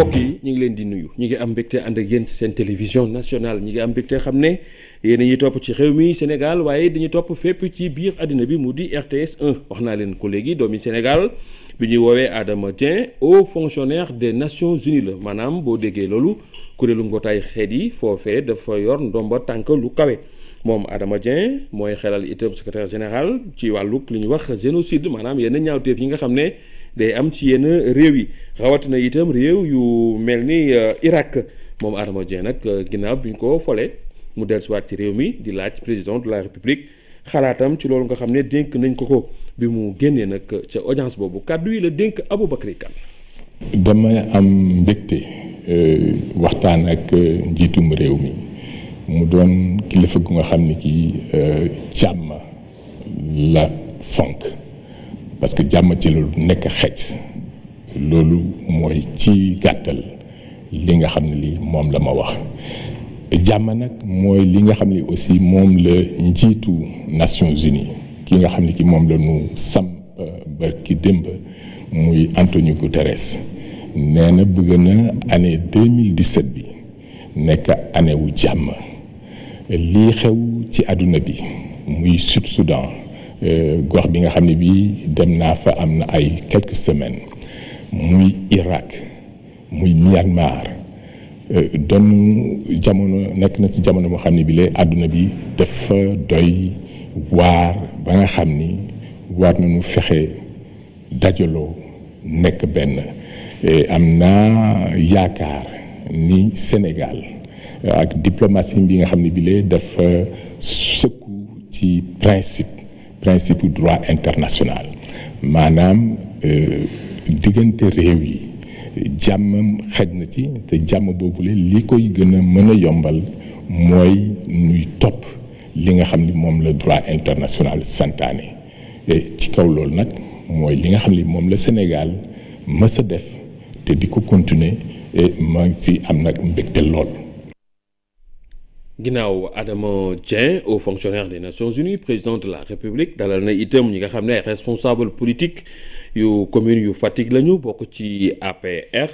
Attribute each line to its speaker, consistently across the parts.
Speaker 1: mbokk yi ñu ngi leen di nuyu ñu ngi am mbégte ànd ak yéen seen télévision nationale ñu ngi am mbégte xam ne yéen a ñuy topp ci réew mi Sénégal waaye dañu topp fépp ci biir àddina bi mu di RTS 1 wax naa leen ko léegi doomi Sénégal bi ñuy woowee aadama Dieng haut fonctionnaire des Nations Unies la maanaam boo déggee loolu kuréelu mbootaay xeet yi foofee dafa yor ndomba tànk lu kawe moom Adama Dieng mooy xelal itam secrétaire général ci wàllub li ñuy wax génocide maanaam yenn ñaawteef yi nga xam ne day am ci yenn réew yi rawatina itam réew yu mel ni euh, Irak moom Adama Dieng nag euh, ginnaaw bi ñu ko folee mu dellusiwaat ci réew mi di laaj président de la république xalaatam ci loolu nga xam ne dénk nañ ko ko bi mu génnee nag ca audience boobu kàddu yi la dénk Aboubacry Kane
Speaker 2: dama am mbégte euh, waxtaan ak njiitum réew mi mu doon kilifa gu nga xam ne kii càmm la fonk parce que jàmm ci loolu nekk xej loolu mooy ci gàttal li nga xam ne lii moom la ma wax jàmm nag mooy li nga xam ne aussi moom la njiitu Nations Unies ki nga xam ne ki moom la ñu samp euh, barki démb muy Antonio Guterres nee na bëgg na année 2017 bi nekk année wu jàmm lii xew ci àdduna bi muy Sud Soudan Euh, gox bi nga xam ne bii dem naa fa am na ay quelques semaines muy Irak muy Myanmar euh, doon jamono nekk na ci jamono boo xam ne bi la àdduna bi dafa doy waar ba nga xam ni war nañu fexe dajaloo nekk benn euh, am naa yaakaar ni Sénégal ak diplomatie bi nga xam ne bi la dafa sëkku ci principe principe droit international maanaam euh, diggante réew yi jàmm xaj na ci te jàmm boobule li koy gën a mën a yombal mooy nuy topp li nga xam ni moom la droit international santaane ci kaw loolu nag mooy li nga xam ni moom la Sénégal mës a def te di ko continuer ma si am nag mbégte lool
Speaker 1: ginnaaw Adama Dieng au fonctionnaire des Nations Unies président de la République dalal na itam ñi nga xam ne ay responsable politique yu commune yu Fatick lañu bokk ci APR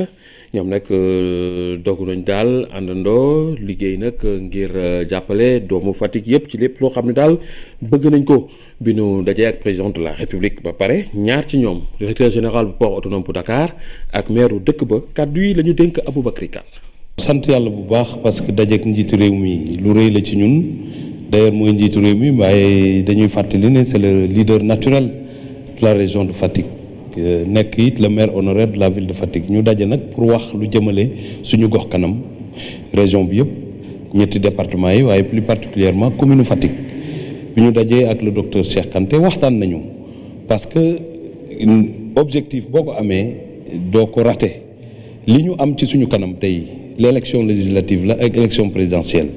Speaker 1: ñoom nag euh, dogu nañ daal àndandoo liggéey nag ngir euh, jàppale doomu Fatick yëpp ci lépp loo xam ne daal bëgg nañ ko bi nu dajee ak président de la République ba pare ñaar ci ñoom directeur général bu port autonome bu Dakar ak maire dëkk ba kàddu yi la ñu dénk Aboubacry Kane sant yàlla bu baax parce que dajeek njiitu réew mi lu rëy
Speaker 3: la ci ñun d'ailleurs mooy njiitu réew mi waaye dañuy fàttali ne c'est le leader naturel de la région de Fatick euh, nekk it le maire honoraire de la ville de Fatick ñu daje nag pour wax lu jëmale suñu gox kanam région bi yëpp ñetti département yi waaye plus particulièrement commune Fatick bi ñu dajee ak le docteur Cheikh waxtaan nañu parce que objectif boo ko amee doo ko raté li ñu am ci suñu kanam tey l'élection législative la ak élection présidentielle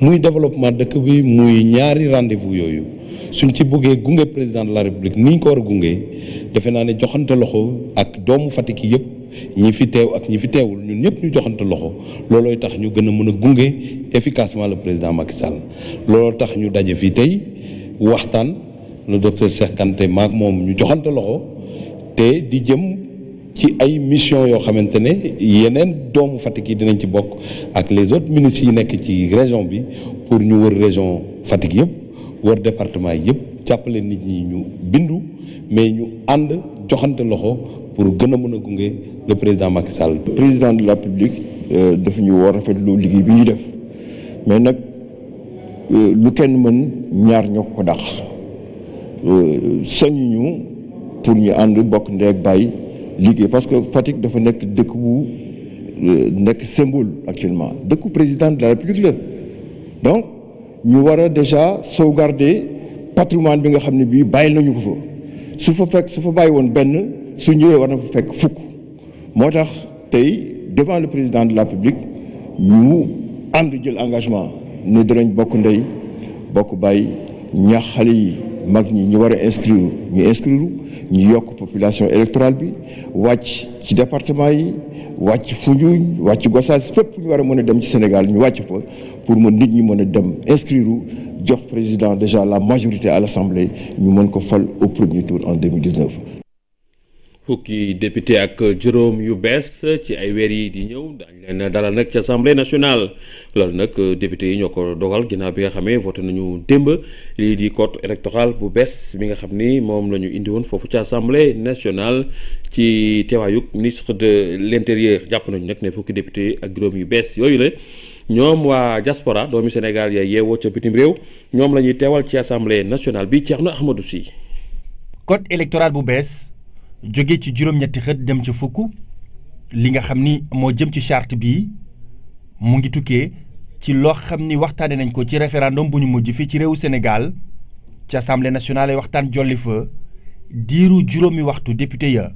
Speaker 3: muy développement dëkk bi muy ñaari rendez-vous yooyu suñ ci buggee gunge président de la république ni ñu ko war a gunge defe naa ne joxante loxo ak doomu Fatick yëpp ñi fi teew ak ñi fi teewul ñun ñëpp ñu joxante loxo loolooy tax ñu gën a mën a gunge efficacement le président Macky Sall looloo tax ñu daje fii tey waxtaan le docteur Cheikh Kanté maag moom ñu joxante loxo te di jëm. ci ay mission yoo xamante ne yeneen doomu Fatick yi dinañ ci bokk ak les autres ministres yi nekk ci région bi pour ñu wër région Fatick yëpp wër département yëpp jàppale nit ñi ñu bindu mais ñu ànd joxante loxo pour gën a mën a gunge le président Macky Sall.
Speaker 4: président de la République euh, daf ñu woo rafetlu liggéey bi ñu def mais nag euh, lu kenn mën ñaar ñoo ko dàq euh, sañu ñu pour ñu ànd bokk ndeeg bàyyi. liggéey parce que Fatick dafa nekk dëkk bu euh, nekk symbole actuellement dëkku président de la République la donc ñu war a déjà sauvegarder patrimoine bi nga xam ne bii bàyyi nañu ko fa su fa fekk su fa bàyyi woon benn su ñëwee war na fa fekk fukk moo tax tey devant le président de la République ñu ànd jël engagement ne dinañ bokk ndey bokk bàyyi ñaax xale yi mag ñi ñu war a inscrire ñu inscrire ñu yokk population électorale bi wàcc ci département yi wàcc Foundiougne wàcc Gossas fépp ñu war a mën a dem ci Sénégal ñu wàcc fa pour mën nit ñi mën a dem inscrire jox président déjà la majorité à l'Assemblée ñu mën ko fal au premier tour en 2019
Speaker 1: fukki député ak juróom yu bees ci ay weer yi di ñëw daañu dalal nag ci assemblée nationale loolu nag député yi ñoo ko dogal ginnaaw bi nga xamee voté nañu démb lii di code électoral bu bees bi nga xam ni moom la ñu indi woon foofu ci assemblée nationale ci teewaayug ministre de l'intérieur jàpp nañu nag ne fukki député ak juróom yu bees yooyu la ñoom waa diaspora doomi Sénégal ya yeewoo ca bitim réew ñoom la ñuy teewal ci assemblée nationale bi Thierno Ahmadou Sy
Speaker 5: code jóge ci juróom-ñetti xët dem ca fukk li nga xam ni moo jëm ci charte bi mu ngi tukkee ci loo xam ni waxtaane nañ ko ci référendum bu ñu mujj fii ci réewu Sénégal ci assemblée nationale ay waxtaan jolli fa diiru juróomi waxtu député ya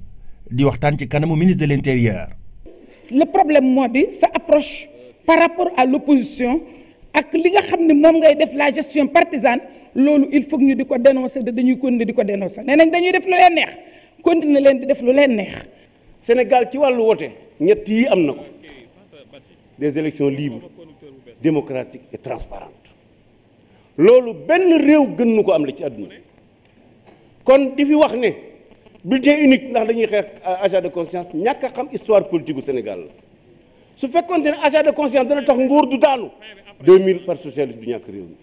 Speaker 5: di waxtaan ci kanamu ministre de l'intérieur.
Speaker 4: le problème moo bi sa approche par rapport à l'opposition ak li nga xam ne moom ngay def la gestion partisane loolu il faut ñu di ko dénoncer dañuy continuer di ko dénoncer nee nañ dañuy def lu leen neex. continuer leen di def lu leen neex Sénégal ci wàllu woote ñett
Speaker 3: yi am na ko des élections libres démocratiques et transparentes loolu benn réew gën ko am la ci àdduna kon di wax ne bulletin unique ndax dañuy xeex achat de conscience ñàkk a xam histoire politique gu Sénégal la su fekkoon ne achat de conscience dana tax nguur du daanu 2000 parti socialiste du ñàkk réew mi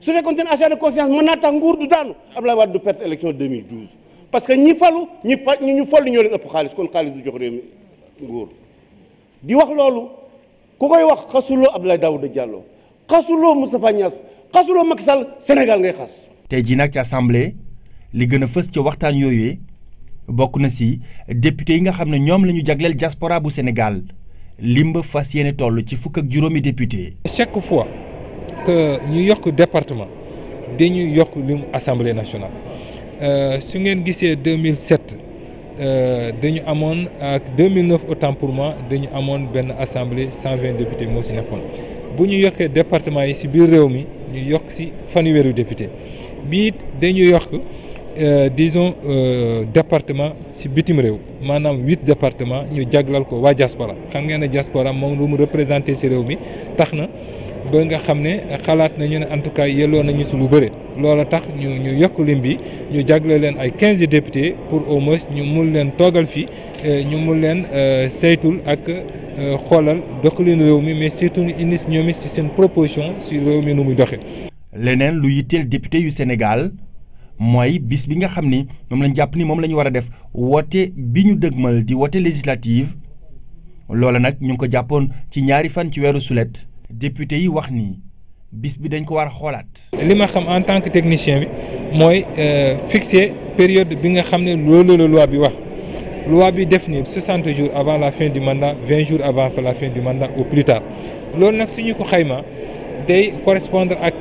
Speaker 3: su fekkoon ne achat de conscience mën naa tax nguur du daanu Abdoulaye Wade du perte élection 2012. parce que ñi falu ñi fa ñu folli ñoo leen ëpp xaalis kon xaalis du jox réew nguur di wax loolu ku koy wax xasuloo Abdoulaye Daouda Diallo xasuloo Moustapha Niass xasuloo Macky Sall Sénégal ngay
Speaker 5: xas. tey jii nag ci assemblée li gën a fës ca waxtaan yooyu bokk na si député yi nga xam ne ñoom la ñu jagleel diaspora bu Sénégal
Speaker 6: limba fas yéene toll ci fukk ak juróomi député. chaque fois que ñu yokk département dañuy yokk limu assemblée nationale. Euh, su ngeen gisee 2007 euh, dañu amoon ak 2009 autant pour moi dañu amoon benn assemblée 120 députés moo si nekkoon bu ñu yokkee département yi si biir réew mi ñu yokk si fanweeri député bi it dañu yokk euh, disons département si bitim réew maanaam huit département ñu jaglal ko waa diaspora xam ngeen ne diaspora moom lu mu représenté si réew mi tax na. ba nga xam ne xalaat nañu ne en tout cas yelloo nañu si lu bëre loola tax ñu ñu yokk lim bi ñu jagle leen ay quinze députés pour au moins ñu mun leen toogal fi euh, ñu mu leen euh, saytul ak euh, xoolal doxalin réew mi mais surtout indi ñoom it seen proposition si réew mi nu muy doxee. leneen lu yitteel député yu Sénégal mooy bis bi nga xam ni
Speaker 5: moom lañ jàpp ni moom lañu ñu war a def woote bi ñu dëgmal di woote législative loola nag ñu ngi ko jàppoon ci ñaari fan ci weeru sulet. député yi wax nii bis bi
Speaker 6: dañ ko war a xoolaat. li ma xam en tant que technicien bi mooy euh, fixer période bi nga xam ne loolu la loi bi wax loi bi def ni 60 jours avant la fin du mandat 20 jours avant la fin du mandat au plus tard loolu nag suñu ko xayma day correspondre ak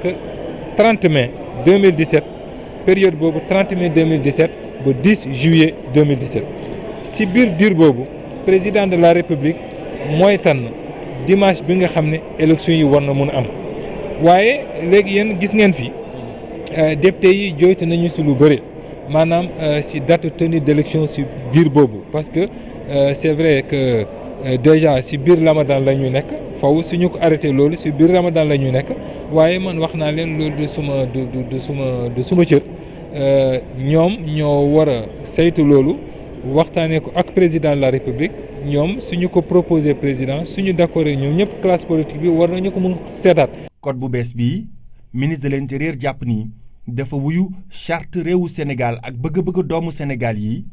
Speaker 6: 30 mai 2017 période boobu 30 mai 2017 ba 10 juillet 2017 si biir diir boobu président de la république mooy tànn. dimanche bi nga xam ne élection yi war na mun a am waaye léegi yéen gis ngeen fi euh, député yi jooyte nañu si lu bëri maanaam euh, si date tenue d'élection si biir boobu parce que euh, c'est vrai que déjà si biir Ramadan la ñu nekk faw ñu ko arrêté loolu si biir Ramadan la ñu nekk waaye man wax naa leen loolu du suma du suma du suma cër ñoom ñoo war a saytu loolu waxtaanee ko ak président la République ñoom suñu ko proposé président suñu d'accord ñoom ñëpp classe politique bi war nañu ko mun seetaat. code bu bees bi
Speaker 5: ministre de l'intérieur jàpp ni dafa wuyu charte réewu senegal ak bëgg-bëgg doomu Sénégal yi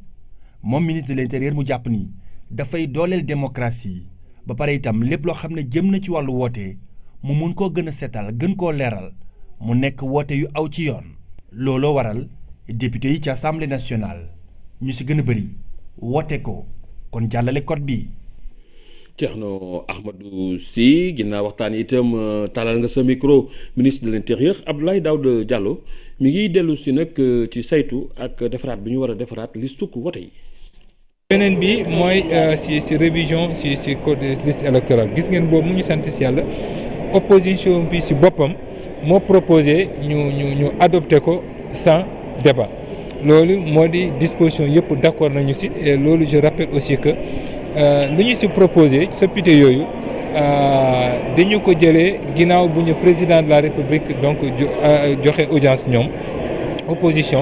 Speaker 5: moom ministre de l'intérieur mu jàpp ni dafay dooleel démocratie ba pare itam lépp loo xam ne jëm na ci wàllu woote mu mun koo gën a setal gën koo leeral mu nekk woote yu aw ci yoon. looloo waral député yi ci assemblée nationale ñu si gën a bëri woote ko. kon jàllale code bi.
Speaker 1: Thierno Ahmadou si ginnaaw waxtaan itam euh, talal nga sa micro ministre de l'intérieur Abdoulaye Daouda Diallo mi ngi dellu si nag euh, ci saytu ak defaraat bi ñu war a defaraat liste ku wote yi.
Speaker 6: beneen bi mooy euh, si si révision si si code liste électorale gis ngeen boobu mu ngi sant si yàlla opposition bi si boppam moo proposé ñu ñu ñu adopté ko sans débat. loolu moo di disposition yëpp d' accord nañu si et loolu je rappelle aussi que euh, li ñu si proposé soppite yooyu euh, dañu ko jëlee ginnaaw bu ñu président de la république donc euh, joxe audience ñoom opposition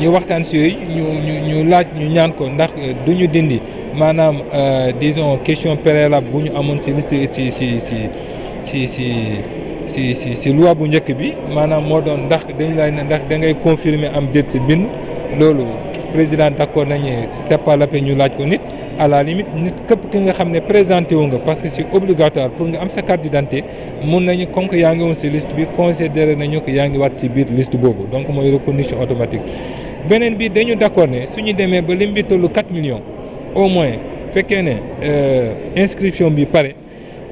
Speaker 6: ñu waxtaan si yooyu ñu ñu laaj ñu ñaan ko ndax du ñu dindi maanaam dison question préalable bu ñu amoon si liste si ci si ci si si si si loi bu njëkk bi maanaam moo doon ndax dañu laaj ne ndax da ngay confirmer am déet si bind loolu président d'accord nañu c'est pas la ñu laaj ko nit à la limite nit képp ki nga xam ne présenté wu nga parce que c'est obligatoire pour nga am sa carte mun nañu comme que yaa ngi woon si liste bi considéré nañu que yaa ngi waat ci biir liste boobu donc mooy reconnaissance automatique. beneen bi dañu d'accord ne suñu demee ba lim bi tollu 4 millions au moins fekkee ne euh, inscription bi pare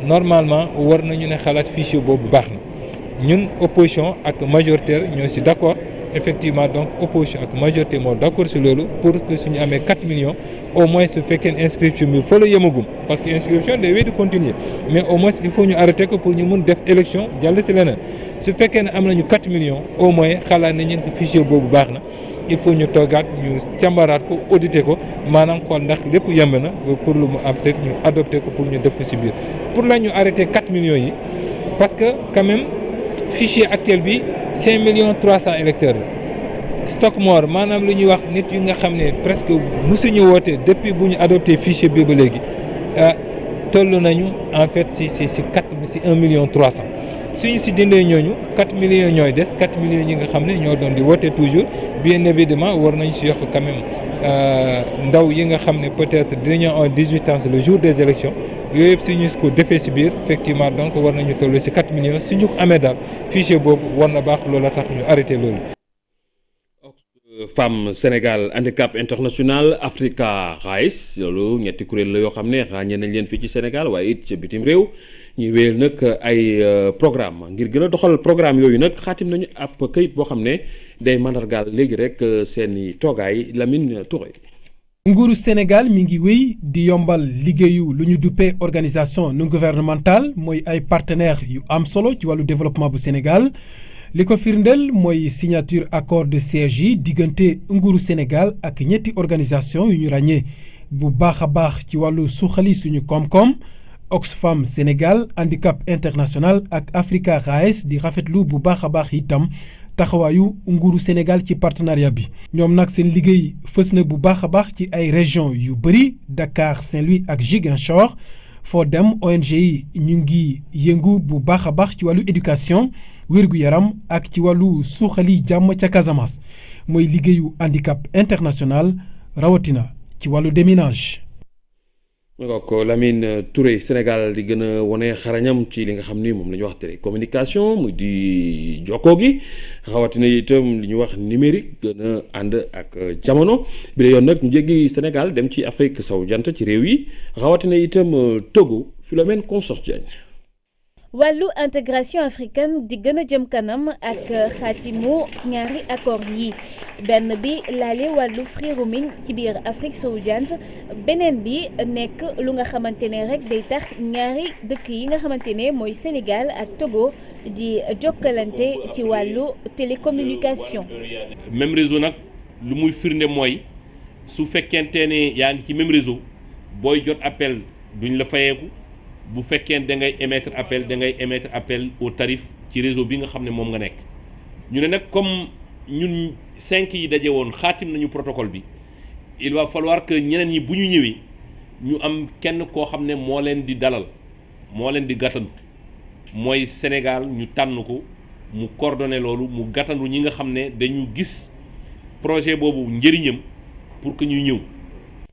Speaker 6: normalement war nañu ne xalaat fichier boobu baax na ñun opposition ak majoritaire ñoo ci d'accord. effectivement donc opposition ak majorité moo d'accord si loolu pour que suñu amee 4 millions au moins su fekkee inscription bi fa la yemagum parce que inscription day wéy di continuer mais au moins il faut ñu arrêté ko pour ñu mun def élection jàll si leneen su fekkee ne am nañu 4 millions au moins xalaat nañu ne fichier boobu baax na il faut ñu toggaat ñu cambaraat ko auditer ko maanaam xool ndax lépp yemb na pour lu mu am rek ñu adopté ko pour ñu def si biir pour la ñu arrêté 4 millions yi fichier actuel bi 5 millions 300 électeurs la stock mort maanaam lu ñuy wax nit yi nga xam ne presque mu musuñu woote depuis bu ñu adopté fichier bi ba léegi euh, toll nañu en fait si ci si 4 si 1 million 300. suñu si dindee ñooñu 4 million ñooy des 4 millions ñi nga xam ne ñoo doon di woote toujours bien évidemment war nañ si yokk quand même euh, ndaw yi nga xam ne peut-être dinañoo en 18 ans le jour des élections yooyu yëpp suñu ko defee si biir effectivement donc war nañu toll si 4 millions suñu amee daal fichier boobu war na baax loola tax ñu arrêté loolu.
Speaker 1: Femme Sénégal handicap international Africa Rice loolu ñetti kuréel la yoo xam ne ràññee nañ leen fii ci Sénégal waaye it ci bitim réew ñuy wéyal nag ay euh, programme ngir gën a doxal programme yooyu nag xaatim nañu ab këyit boo xam ne day mandargaal léegi rek euh, seen i toogaay
Speaker 4: Lamine Touré. nguuru Sénégal mi ngi wéy di yombal liggéeyu lu ñu duppee organisation non gouvernementale mooy ay partenaires yu am solo ci wàllu développement bu Sénégal. li ko firndeel mooy signature accord de siège yi diggante nguuru Sénégal ak ñetti organisation yu ñu ràññee bu baax a baax ci wàllu suxali suñu koom-koom Oxfam Sénégal Handicap International ak Africa RAES di rafetlu bu baax a baax itam taxawaayu nguuru Sénégal ci partenariat bi ñoom nag seen liggéey fës na bu baax a baax ci ay région yu bëri Dakar Saint-Louis ak Ziguinchor foo dem ONG ñu ngi yëngu bu baax a baax ci wàllu éducation wér-gu-yaram ak ci wàllu suuxali jàmm ca Casamance mooy liggéeyu handicap international rawatina ci wàllu déminage.
Speaker 1: ngok Lamine Touré Sénégal di gën a wone xarañam ci li nga xam ni moom la ñu wax télécommunication mu di jokkoo gi xawatina itam li ñu wax numérique gën ànd ak jamono bi la yoon nag ñu jéggi Sénégal dem ci Afrique sowu jant ci réew yi xawatina itam Togo Philomène Consor Diagne
Speaker 7: wàllu intégration africaine di gën a jëm kanam ak euh, xaatimu ñaari accord yi benn bi laale wàllu free roaming ci biir Afrique sowu jant beneen bi nekk lu nga xamante ne rek day tax ñaari dëkk yi nga xamante ne mooy Sénégal ak Togo di jokkalante ci wàllu télécommunication.
Speaker 1: même réseau nag lu muy firnde mooy su fekkente ne yaa ngi ci même réseau booy jot appel duñ la fayeeku. bu fekkee da ngay émettre appel da ngay émettre appel au tarif ci réseau bi nga xam ne moom nga nekk ñu ne nag comme ñun cinq yi daje woon xaatim nañu protocole bi il va falloir que ñeneen ñi bu ñu ñëwee ñu am kenn koo xam ne moo leen di dalal moo leen di gàttandu mooy Sénégal ñu tànn ko mu coordonné loolu mu gàttandu ñi nga xam ne dañu gis projet boobu njëriñam pour que ñuy ñëw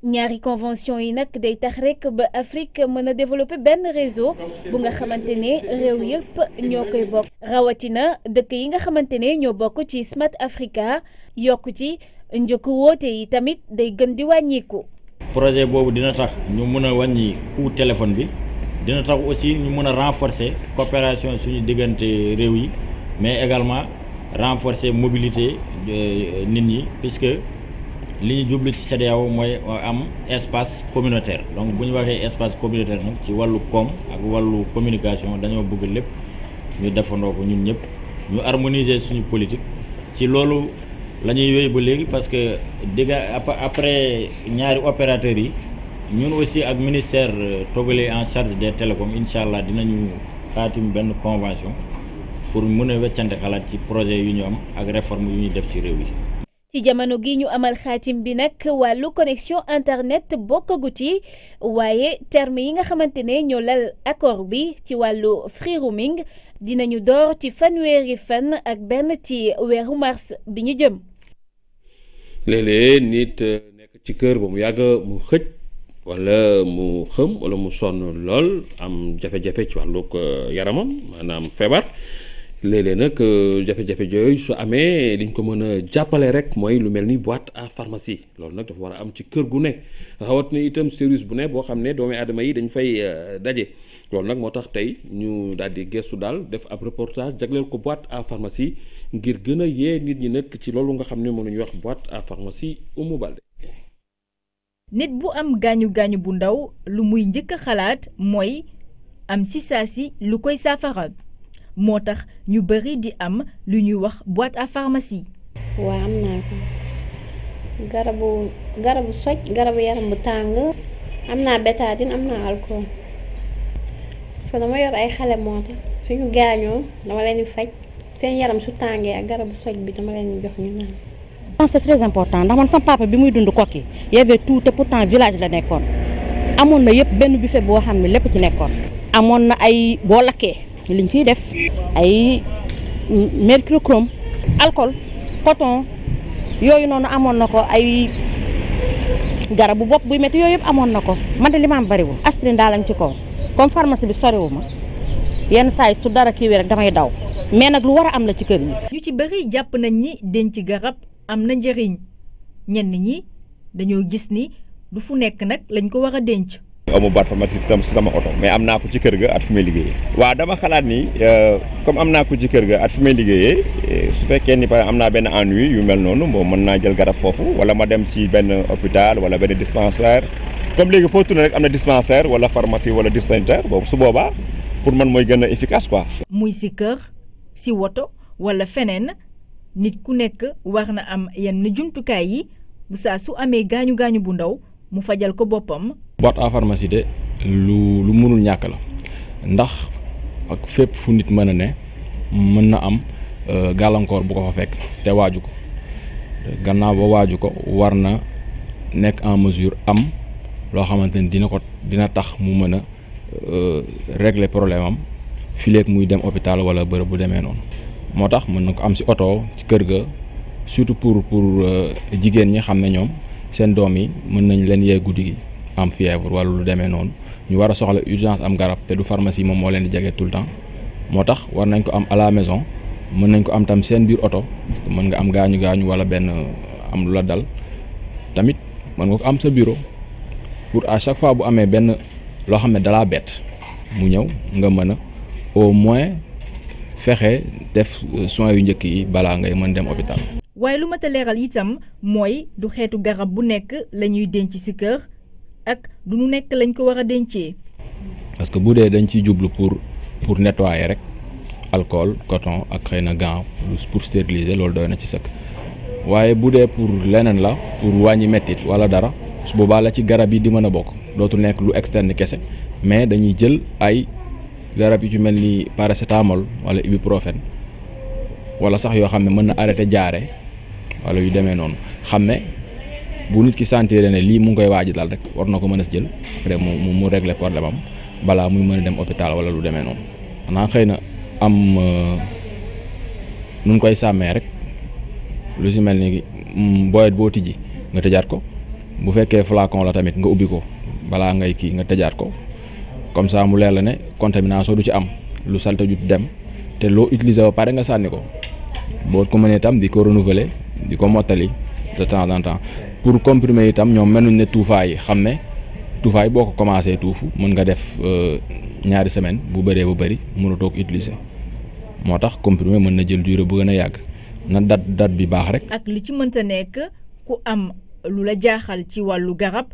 Speaker 7: ñaari convention yi nag day tax rek ba Afrique mën a développer benn réseau bu nga xamante ne réew yëpp ñoo koy bokk rawatina dëkk yi nga xamante ne ñoo bokk ci Smart Africa yokk ci njëkk woote yi tamit day gën di wàññiku
Speaker 4: projet boobu dina tax ñu mën a wàññi coût téléphone bi dina tax aussi ñu mën a renforcer coopération suñu diggante réew yi mais également renforcer mobilité euh, nit ñi puisque li ñu jublu ci CEDEAO mooy am espace communautaire donc bu ñu waxee espace communautaire nag ci wàllu koom ak wàllu communication dañoo bëgg lépp ñu defandoo ko ñun ñëpp ñu harmoniser suñu politique ci loolu la ñuy wéy ba léegi parce que digga après ñaari opérateurs yi ñun aussi ak ministère euh, togolais en charge de télécoms incha allah dinañu xaatim benn convention pour mën a weccante xalaat ci projet yu ñu am ak réforme yu ñuy def ci réew yi
Speaker 7: ci jamono gi ñu amal xaatim bi nag wàllu connexion internet bokkagu ci waaye terme yi nga xamante ne ñoo lal accord bi ci wàllu free roaming dinañu door ci fanweeri fan ak benn ci weeru mars bi ñu jëm.
Speaker 1: léeg-léeg nit euh, nekk ci kër ba mu yàgg mu xëj wala mu xëm wala mu sonn lool am jafe-jafe ci wàllug euh, yaramam maanaam feebar. léeg-léeg nag euh, jafe-jafe yooyu su amee liñ ko mën a jàppale rek mooy lu mel ni boîte à pharmacie loolu nag dafa war a am ci kër gu ne rawatina itam service bu ne boo xam ne doomi aadama yi dañ fay euh, daje loolu nag moo tax tey ñu daal di gestu daal def ab reportage jagleel ko boîte à pharmacie ngir gën a yee nit ñi nekk ci loolu nga xam ne mënuñu wax boîte à pharmacie Oumou Baldé
Speaker 8: nit bu am gaañu gaañu bu ndaw lu muy njëkk a xalaat mooy am ci saa si lu koy saafara moo tax ñu bëri di am lu ñuy wax boîte à pharmacie. waa am naa ko garabu
Speaker 7: garabu soj garabu yaram bu tàng am naa bétadine am naa alcool parce que dama yor ay xale moo tax suñu gaañoo dama leen di faj seen yaram su tàngee ak garabu soj bi dama leen di jox ñu naan. c'est très important ndax man sama bi muy dund kokki yebbee tout te pourtant village la nekkoon amoon na yëpp benn buffet boo xam ne lépp ci nekkoon amoon na ay boo lakkee liñ ciy def ay mercurochrome alcool coton yooyu noonu amoon na ko ay garabu bopp buy métti yooyu yëpp amoon na ko man de ma am bariwul aspirine daal lañ ci kaw comme pharmacie bi soriwu ma yenn saa yi su dara kiiwee rek damay daw mais nag lu war a am la ci kër
Speaker 5: yi.
Speaker 8: ñu ci bëri jàpp nañ ni denc garab am na njëriñ ñenn ñi dañoo gis ni du fu nekk nag lañ ko war a denc.
Speaker 5: amu baat pharmacie si sama oto mais am naa ko ci kër ga at fi may liggéeyee waaw dama xalaat ni euh, comme am naa ko ci kër ga at fi may liggéeyee euh, su fekkee ni par am naa benn ennui yu mel noonu bon mën naa jël garab foofu wala ma dem ci benn opital wala benn dispensaire comme léegi foo tourné rek am na dispensaire wala pharmacie wala dispensaire boobu su boobaa pour man mooy gën a efficace quoi.
Speaker 8: muy si kër si woto wala feneen nit ku nekk war na am yenn jumtukaay yi bu su amee gaañu gaañu bu ndaw mu fajal ko boppam.
Speaker 4: boîte à pharmacie de lu lu mënul ñàkk la ndax ak fépp fu nit mën a ne mën na am euh, gàllankoor bu ko fa fekk te waaju ko gannaaw ba waaju ko war na nekk en mesure am loo xamante ni dina ko dina tax mu mën a euh, régler problème am fileeg muy dem hôpital wala bërëb bu demee noonu moo tax mën na ko am ci oto ci kër ga surtout pour pour euh, jigéen ñi xam ne ñoom seen doom yi mën nañ leen yee guddi gi am fièvre wala lu demee noonu ñu war a soxla urgence am garab te du pharmacie moom moo leen di jege tout moo tax war nañ ko am à la maison mën nañ ko am tam seen biir oto mën nga am gaañu gaañu walla benn am lu la dal tamit mën nga ko am sa bureau pour à chaque fois bu amee benn loo xam ne dalaa bett mu ñëw nga mën a au moins fexe def soins yu njëkk yi balaa ngay mën dem hôpital.
Speaker 8: waaye lu mat a leeral itam mooy du xeetu garab bu nekk la denc ak du nu nekk lañ ko war a dencee.
Speaker 4: parce que bu dee dañ ciy jublu pour pour nettoyer rek alcool coton ak xëy na gant pour stériliser loolu doy na ci sëkk waaye bu dee pour leneen la pour wàññi mettit wala dara su boobaa la ci garab yi di mën a bokk dootu nekk lu externe kese mais dañuy jël ay garab yi ci mel ni paracétamol wala ibuprofène wala sax yoo xam ne mën na arrêté jaare wala yu demee noonu xam bu nit ki sentir ne lii mu ngi koy waaji daal rek war na ko mën a jël après mu mu régler problème am balaa muy mën a dem hôpital wala lu demee noonu xanaa xëy na am euh, nun koy sàmmee rek lu si mel ni mm, booyet boo tijji nga tëjaat ko bu fekkee flacon la tamit nga ubbi ko balaa ngay kii nga tëjaat ko comme ça mu leer la ne contamination du ci am lu salte ju dem te loo utiliser wa pare nga sànni ko boo ko mënee tam di ko renouveler di ko mottali de temps en temps pour comprimer itam ñoom mënuñ ne tuufaay xam ne tuufaay boo ko commencé tuuf mën nga def euh, ñaari semaine bu bëree bu bëri mënatoo ko utiliser moo tax comprimé mën na jël durée bu gën a yàgg na dat dat bi baax rek.
Speaker 8: ak li ci mënta nekk ku am lu la jaaxal ci wàllu garab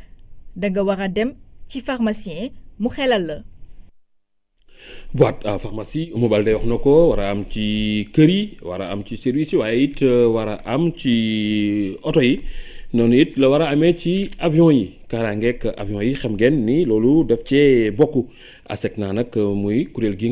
Speaker 8: da nga war a dem ci pharmacien mu xelal la.
Speaker 1: boîte à pharmacie Oumou Baldé wax na ko war a am ci kër yi war a am ci service yi waaye it euh, war a am ci oto yi noonu it la war a amee ci avion yi kaaraangeeg avion yi xam ngeen ni loolu def cee bokk asek naa nag euh, muy kuréel gi.